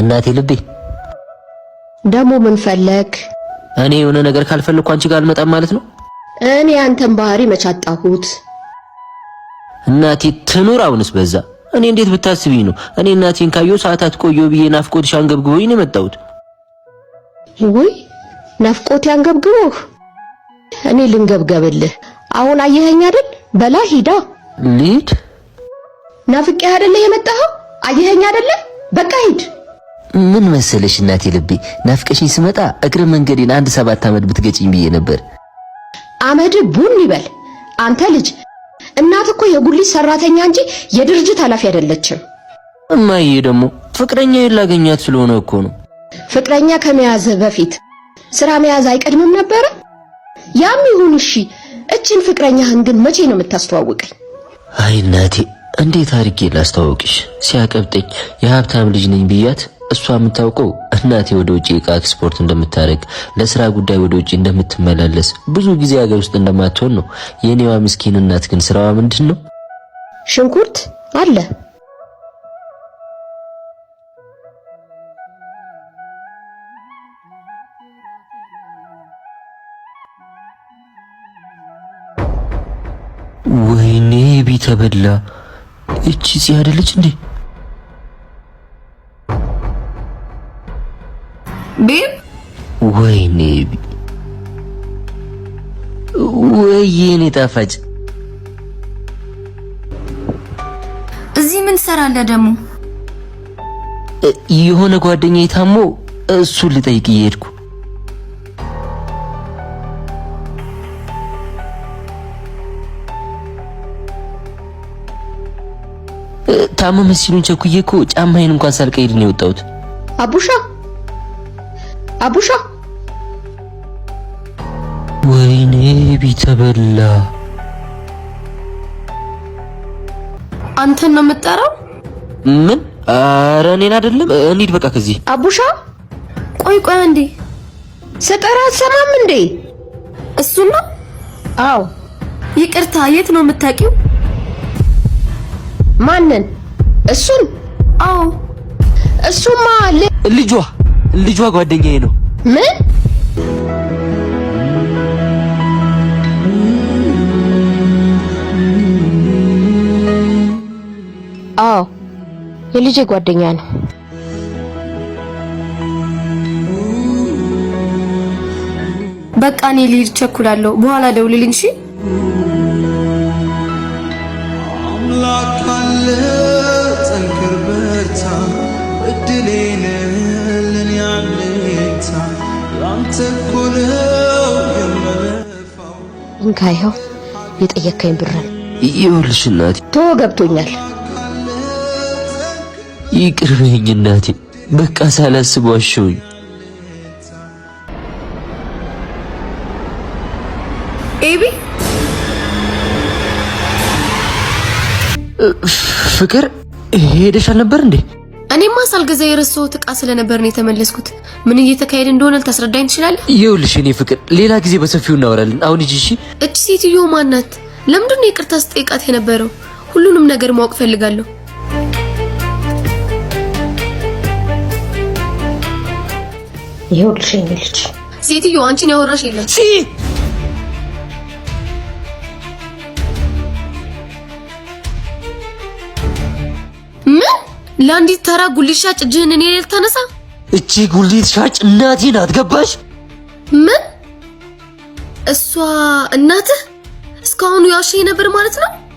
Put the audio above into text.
እናቴ ልቤ ደግሞ ምን ፈለግ? እኔ የሆነ ነገር ካልፈለግኩ አንቺ ጋር አልመጣም ማለት ነው። እኔ አንተን ባህሪ መቻጣሁት እናቴ ትኑር። አሁንስ በዛ። እኔ እንዴት ብታስቢኝ ነው? እኔ እናቴን ካየሁ ሰዓታት ቆየሁ ብዬ ናፍቆትሽ አንገብግቦኝ ነው የመጣሁት። ውይ ናፍቆት አንገብግቦህ? እኔ ልንገብገብልህ። አሁን አየኸኝ አይደል? በላ ሂዳ ልሂድ። ናፍቄህ አይደለ የመጣኸው? አየኸኝ አይደለ? በቃ ሂድ። ምን መሰለሽ እናቴ ልቤ ናፍቀሽኝ ስመጣ እግረ መንገዴን አንድ ሰባት ዓመት ብትገጭኝ ብዬ ነበር። አመድ ቡን ይበል አንተ ልጅ። እናት እኮ የጉሊት ሰራተኛ እንጂ የድርጅት ኃላፊ አይደለችም። እማዬ ደግሞ ፍቅረኛ የላገኛት ስለሆነ እኮ ነው። ፍቅረኛ ከመያዝ በፊት ስራ መያዝ አይቀድምም ነበረ። ያም ይሁን እሺ፣ እችን ፍቅረኛህን ግን መቼ ነው የምታስተዋውቀኝ? አይ እናቴ እንዴት አድርጌ ላስተዋውቅሽ? ሲያቀብጠኝ የሀብታም ልጅ ነኝ ብያት እሷ የምታውቀው እናቴ ወደ ውጭ ዕቃ ኤክስፖርት እንደምታደርግ ለስራ ጉዳይ ወደ ውጪ እንደምትመላለስ ብዙ ጊዜ ሀገር ውስጥ እንደማትሆን ነው። የኔዋ ምስኪን እናት ግን ስራዋ ምንድን ነው? ሽንኩርት አለ። ወይኔ ቢተበላ እቺ ሲያደለች እንዴ? ቤብ ወይኔ ወይኔ ጣፋጭ እዚህ ምን ትሰራለህ ደግሞ? የሆነ ጓደኛ ታሞ እሱን ልጠይቅ እየሄድኩ ታመመ ሲሉን ቸኩዬ እኮ ጫማዬን እንኳን ሳልቀይር ነው የወጣሁት አቡሻ አቡሻ ወይኔ ቢተበላ አንተን ነው የምጠራው? ምን? ኧረ እኔን አይደለም። እንሂድ በቃ ከዚህ። አቡሻ ቆይ ቆይ እንዴ! ስጠራ አትሰማም እንዴ? እሱ ነው? አዎ። ይቅርታ፣ የት ነው የምታውቂው? ማንን? እሱን? አዎ፣ እሱማ ልጇ ልጇ ጓደኛዬ ነው። ምን አዎ የልጄ ጓደኛ ነው። በቃ እኔ ልሂድ፣ ቸኩላለሁ። በኋላ ደውልልኝ እሺ። እንካ ይኸው የጠየከኝ ብርን ይኸውልሽ እናቴ። ቶ ገብቶኛል። ይቅር በይኝ እናቴ፣ በቃ ሳላስበው አሸውኝ። ኤቢ ፍቅር ሄደሽ አልነበር እንዴ? እኔማ ሳልገዛ የረሳሁት እቃ ስለነበር ነው የተመለስኩት። ምን እየተካሄደ እንደሆነ ልታስረዳኝ ትችላለህ? ይኸውልሽ እኔ ፍቅር፣ ሌላ ጊዜ በሰፊው እናወራለን። አሁን እሺ። እች ሴትዮ ማናት? ለምንድን ነው ይቅርታ ስጠይቃት የነበረው? ሁሉንም ነገር ማወቅ ፈልጋለሁ። ይኸውልሽ ልጅ ሴትዮ አንቺን ያወራሽ የለም ለአንዲት ተራ ጉሊት ሻጭ እጅህን እኔ ላይ ልታነሳ? እቺ ጉሊት ሻጭ እናቴ ናት። ገባሽ? ምን እሷ እናትህ? እስካሁኑ ያውሽ ነበር ማለት ነው።